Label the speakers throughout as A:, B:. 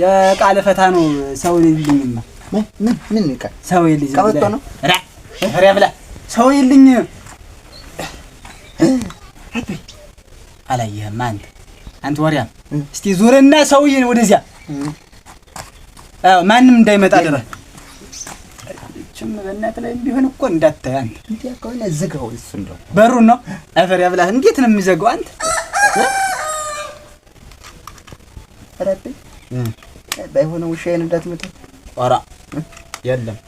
A: የቃለ ፈታ ነው። ሰው የልኝማ ምን ምን ቃል ሰው የልኝ ቀበቶ ነው። ራ ራ ብላ ሰው የልኝ አላየህም አንተ አንተ ወሪያም እስቲ ዙርና ሰውዬን ወደዚያ አዎ፣ ማንም እንዳይመጣ ድረ እችም በእናት ላይ እንዲሆን እኮ እንዳታይ አንተ እንዲያ ከሆነ ዝጋው። እሱ እንደው በሩን ነው አፈር ያብላህ። እንዴት ነው የሚዘገው አንተ? ባይሆነ ውሻዬን እንዳትመታኝ። ኧረ የለም።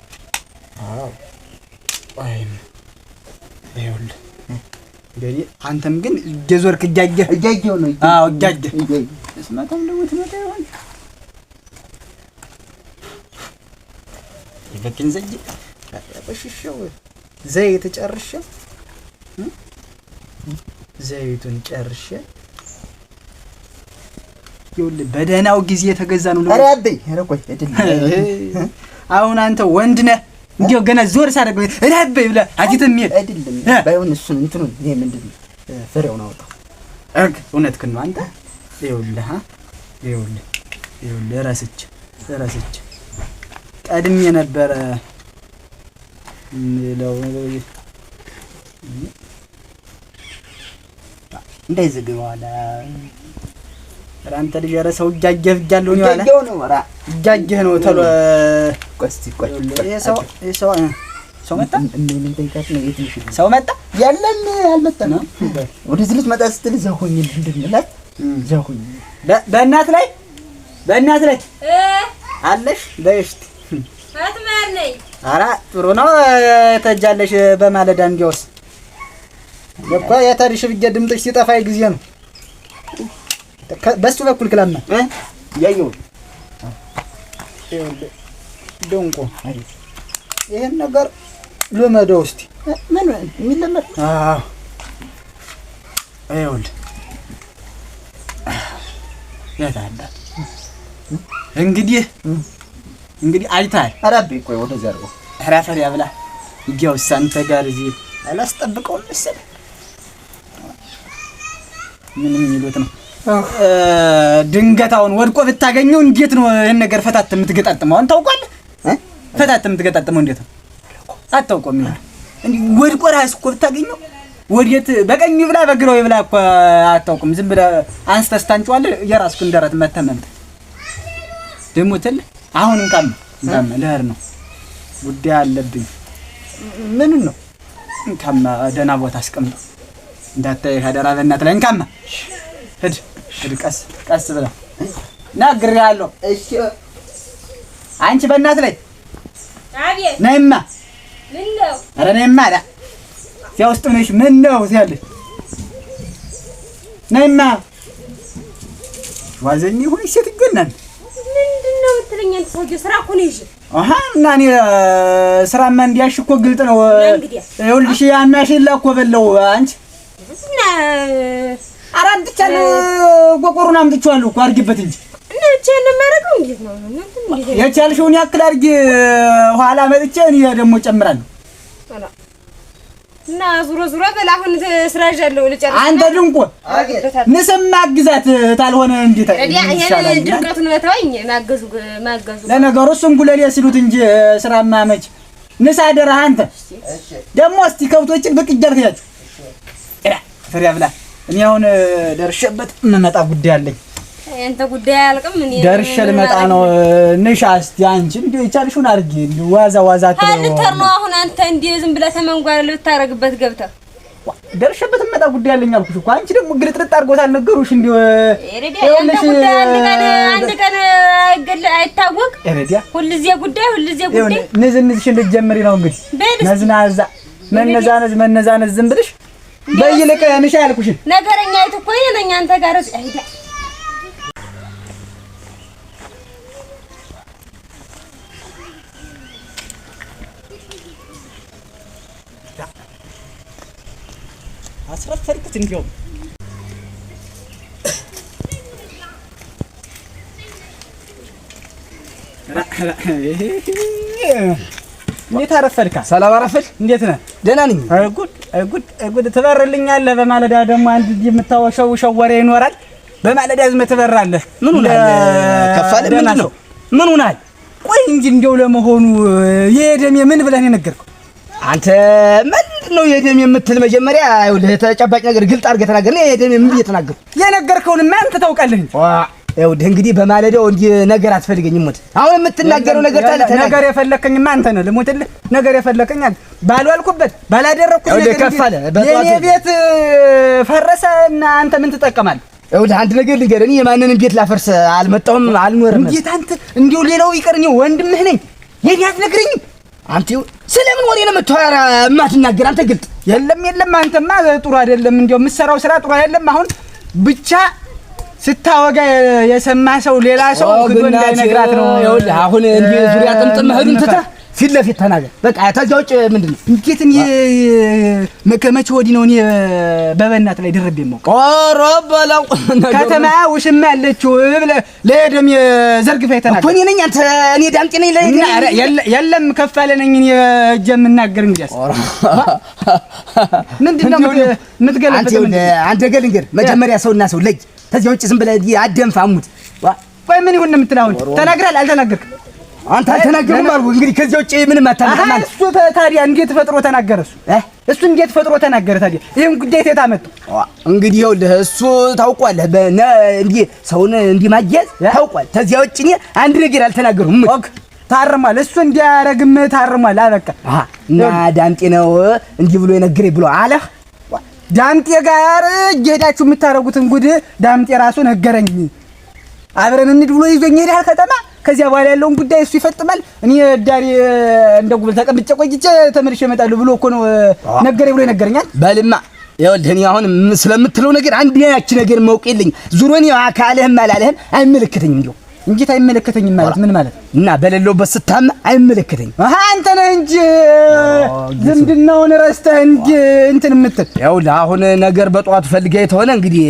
A: እንግዲህ አንተም ግን እየዞርክ እጃጀህ እጃጀው ነው። አዎ እጃጀህ እስማታም ደግሞ ትመጣ ይሆን ይበትን ዘጅ ያበሽሽው ዘይት ጨርሼ ዘይቱን ጨርሼ ይኸውልህ በደህናው ጊዜ የተገዛ ነው። ኧረ አበይ ኧረ ቆይ አሁን አንተ ወንድ ነህ። እንዲያው ገና ዞር ሳደርግ ኧረ አበይ ብለህ አጅተህ የሚሄድ አይደለም። ባይሆን እሱን እንትኑን ይሄ ምንድን ነው ፍሬውን አውጣው። እርግ እውነትህን አንተ። ይኸውልህ ይኸውልህ ይኸውልህ እረስቼ እረስቼ ቀድሜ ነበረ ለው እንዳይዘግበዋል አንተ ልጅ ኧረ ሰው እጃጀህ እጃለሁ ነው ያለ እጃጀህ ነው ተሎ ቆስቲ ሰው መጣ ሰው መጣ ያለን አልመጣም። ወደዚህ ልትመጣ ስትል እዛ እንድንላት በእናት ላይ በእናት ላይ አለሽ በይሽት ኧረ ጥሩ ነው ተጃለሽ በማለዳ እንዲያውስ እኮ የተድሽ ብዬሽ ድምፅሽ ሲጠፋ ጊዜ ነው በሱ በኩል ክላማ ያየው ደንቆ ይሄን ነገር ልመደው እስቲ። ምን የሚለመድ አዎ፣ ይኸውልህ እንግዲህ እንግዲህ አይታል ኧረ አቤት ቆይ ወደዚያ አድርገው። ኧረ ያብላ። እንግያውስ ሳንተ ጋር እዚህ አላስጠብቀውም መሰለህ። ምንም የሚሉት ነው ድንገታውን ወድቆ ብታገኘው እንዴት ነው ይህን ነገር ፈታት የምትገጣጥመው? አሁን ታውቋለህ። ፈታት የምትገጣጥመው እንዴት ነው አታውቀውም። ወድቆ ራስህ እኮ ብታገኘው ወዴት በቀኝ ብላ በግራው ብላ እኮ አታውቅም። ዝም ብለህ አንስተህ ስታንጨዋለህ የራስህን ደረት መተመምት ደግሞ ትልህ አሁን እንቃም እንቃም ልሄድ ነው ጉዳይ አለብኝ። ምን ነው እንቃም ደህና ቦታ አስቀምጠው እንዳታይ ከደራ በእናትህ ላይ እንቃም ሂድ። ቀስ ቀስ ብለህ ነግሬሃለሁ። እሺ አንቺ በእናት ላይ ነይማ፣ ኧረ ነይማ፣ ዳ እዚያ ውስጥ ሆነሽ ምን ነው ትያለሽ? ነይማ ዋዘኝ ሆነሽ ሴትዮ እናንተ
B: እና እኔ
A: ስራማ እንዲያሽ እኮ ግልጥ ነው። ይኸውልሽ ያናሽን ላኮ በለው አንቺ ኧረ አምጥቻለሁ፣ ቆቆሩን አምጥቼዋለሁ እኮ አድርጊበት እንጂ የቻልሽውን ያክል አድርጊ። ኋላ መጥቼ እኔ ደግሞ እጨምራለሁ።
B: እና ዙሮ ዙሮ አሁን ልጨርስ።
A: አንተ ታልሆነ እንዴት
B: ይሻላል? ድንቀቱን በተወኝ ማገዙ ማገዙ
A: ለነገሩ እሱን ጉለሌ ሲሉት እንጂ ስራማ መች ንስ አደረህ አንተ ደግሞ እስቲ ከብቶችን ብቅ እጃር ፍሬ ብላ እኔ አሁን ደርሼበት የምመጣ ጉዳይ አለኝ።
B: አንተ ጉዳይ አያልቅም።
A: እኔ ደርሼ ልመጣ ነው። ንሻ እስኪ አንቺ የቻልሽውን አድርጊ። ዋዛ ዋዛ
B: ነው አሁን አንተ ዝም ብለህ ተመንጓር ልታረግበት ገብተህ
A: ጉዳይ አለኝ አልኩሽ እኮ። አንቺ ደግሞ ግልጥልጥ አድርጎታል ነገሩሽ።
B: አንድ ቀን አይታወቅ
A: ጉዳይ
B: ጉዳይ
A: ነው እንግዲህ መነዛነዝ መነዛነዝ ዝም ብልሽ በይልቅ ንሻ ያልኩሽን
B: ነገረኛ አይቱ እኮ ነኝ አንተ ጋር አይዳ
A: አስረፈርኩት እንዲያውም እንዴት አረፈልካ ሰላም አረፈል እንዴት ነህ ደህና ነኝ አይ ጉድ ጉድ ትበርልኛለህ። በማለዳ ደግሞ አንድ የምታወሸው ወሬ ይኖራል። በማለዳ ዝም ትበራለህ። ምን ሆናል? ከፋለ ምንድን ነው? ምን ሆናል? ቆይ እንጂ እንደው ለመሆኑ የደሜ ምን ብለህ ነው የነገርከው? አንተ ምንድን ነው የደሜ የምትል? መጀመሪያ ተጨባጭ ነገር ግልጥ አድርገህ ተናገር። የደሜ ምን ብዬ ተናገርኩ? የነገርከውን ማን ታውቃለህ ዋ ይኸውልህ እንግዲህ በማለዳው እንዲህ ነገር አትፈልገኝ። ሙት አሁን የምትናገረው ነገር ታለ ነገር የፈለከኝ አንተ ነህ። ልሙትልህ ነገር የፈለከኝ አንተ ባልዋልኩበት ባላደረኩት ነገር ከፋለ የኔ ቤት ፈረሰ እና አንተ ምን ትጠቀማለህ? ይኸውልህ አንድ ነገር ልንገርህ፣ እኔ የማንንም ቤት ላፈርስ አልመጣሁም አልኖርም። እንዴት አንተ እንዲሁ ሌላው ይቀር እኔ ወንድምህ ነኝ። የኔ አትነግረኝም አንተ ስለምን ወሬ ነው የምታወራ የማትናገር አንተ ግልጥ። የለም የለም፣ አንተማ ጥሩ አይደለም። እንዲያው የምትሰራው ስራ ጥሩ አይደለም። አሁን ብቻ ስታወጋ የሰማ ሰው ሌላ ሰው ክዶ እንዳይነግራት ነው። ይኸውልህ አሁን እንዲህ ዙሪያ ጥምጥም መሄዱን ትተህ ፊት ለፊት ተናገር። በቃ ከዚያ ውጭ ምንድን ነው እንዴት እኔ ከመቼ ወዲህ ነው እኔ በበናት ላይ ድርብ የማውቅ ቆሮ በለው ከተማ ውሽማ ያለችው ብለህ ለሄደም የዘርግፋ የተናገር እኮ እኔ ነኝ። አንተ እኔ ዳምጤ ነኝ። የለም ከፋለ ነኝ እኔ እጄ የምናገር እንግዲያስ ምንድን ነው የምትገለበት? አንተ ገል እንገር መጀመሪያ ሰውና ሰው ለይ ከዚህ ውጭ ዝም ብለህ አደንፋሙት። ቆይ ምን ይሁን የምትል አሁን ተናግራል አልተናገርክም? አንተ አልተናገርም አልኩህ። እንግዲህ ከዚህ ውጭ ምንም አታመጣም እሱ። ታዲያ እንዴት ፈጥሮ ተናገረ? እሱ እሱ እንዴት ፈጥሮ ተናገረ? ታዲያ ይሄን ጉዳይ ተታ መጣ። እንግዲህ ይኸውልህ እሱ ታውቋለህ፣ በነ እንዲህ ሰውን እንዲህ ማያዝ ታውቋል። ከዚያ ውጭ እኔ አንድ ነገር አልተናገርኩም። ኦክ ታርሟል። እሱ እንዲያረግም ታርሟል። አበቃ እና ዳምጤ ነው እንዲህ ብሎ የነገረኝ ብሎ አለህ ዳምጤ ጋር እየሄዳችሁ የምታደርጉትን ጉድ ዳምጤ ራሱ ነገረኝ። አብረን እንድ ብሎ ይዞኝ ይሄዳል ከተማ። ከዚያ በኋላ ያለውን ጉዳይ እሱ ይፈጥማል። እኔ ዳሪ እንደ ጉብል ተቀምጬ ቆይቼ ተመልሼ እመጣለሁ ብሎ እኮ ነው ነገሬ ብሎ ይነገረኛል። በልማ ይኸውልህ እኔ አሁን ስለምትለው ነገር አንድ ያቺ ነገር መውቅ የለኝ ዙሮን አካልህም አላለህም አይመለከተኝም እንዲሁ እንጌታ አይመለከተኝም ማለት ምን ማለት እና በሌለውበት ስታማ አይመለከተኝ አሃ አንተ ነህ እንጂ ዝምድናውን ረስተህ እንጂ እንትን የምትል ያው ለአሁን ነገር በጠዋቱ ፈልጋ ተሆነ እንግዲህ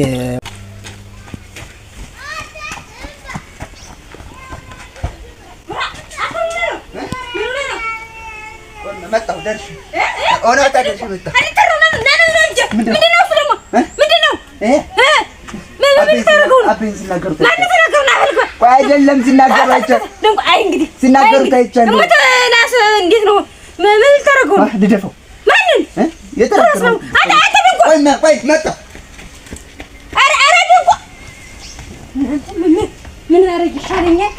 A: ምንድን ነው አይደለም ሲናገሩ አይቻልም። አይ እንግዲህ ሲናገሩት አይቻልም።
B: ሞተናስ እንዴት ነው? ምን ልታረገው ነው? ልደፈው ማንን? የተረፈው አይ አንተ ድንቆ
A: ቆይ ቆይ መጣ።
B: አረ አረ ድንቆ ምን አረግ ይሻለኛል?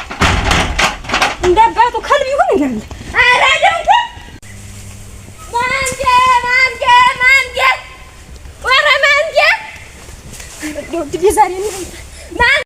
B: እንዳባቱ ከልብ ይሁን እንዴ? አረ ድንቆ ማንጀ ማንጀ ማንጀ ወረ ማንጀ ዶክተር ዛሬ ነው ማን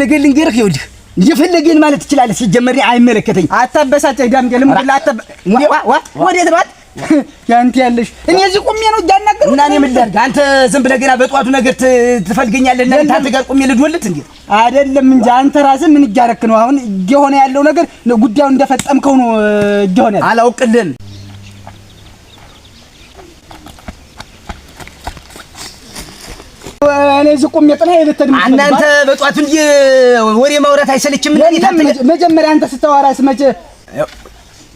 A: ነገር ልንገርህ፣ ይኸውልህ እየፈለገን ማለት ትችላለህ። ሲጀመር አይመለከተኝ። አታበሳጨኝ ዳምጤ። ልምድ ላታ ወዴት ነው? ያንቲ ያለሽ እኔ እዚህ ቁሜ ነው እያናገርኩት እና እኔ ምን ላድርግ? አንተ ዝም ብለህ ገና በጠዋቱ ነገር ትፈልገኛለህ እና አንተ ጋር ቁሜ ልድወልት እንዴ? አይደለም እንጂ አንተ ራስህ ምን እያረክ ነው? አሁን እየሆነ ያለው ነገር ጉዳዩን እንደፈጠምከው ነው እየሆነ ያለው። አላውቅልን እኔ እዚህ ቁሜ ጥላዬ ልትሄድ የምትፈልግ እናንተ በጠዋቱ ወሬ ማውራት አይሰለችም? መጀመሪያ አንተ ስታወራስ መቼ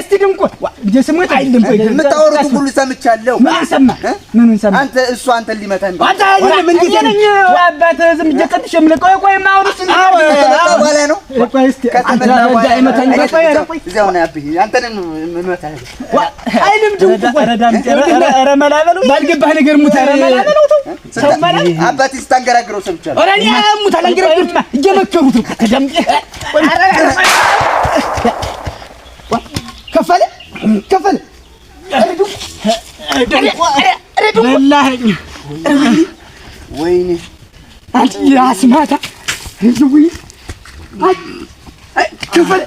A: እስቲ ድንቁ የስሜት አይደለም። የምታወሩትን ሁሉ ሰምቻለሁ። ምን ሰማ? ምን ሰማ? አንተ እሱ አንተ ሊመታ ነው። አንተ አይደለም እንዴ? ነኝ አባት ዝም ብዬ ቀጥሽ ምን ቆይ ቆይ ማውሩስ ነው። ነው ቆይ እዚያው ነው አብይ አንተን ምመታ አይልም ድንቁ ኧረ መላበሉ ባልገባህ ነገር ሙት ኧረ መላበሉ ሰው ስታንገራግረው ሰምቻለሁ። ኧረ ሙት አላንገራግሩት እየመከሩት ነው ከተደምቄ كفل كفل بالله وينه انت يا سماتة هزوي كفل كفل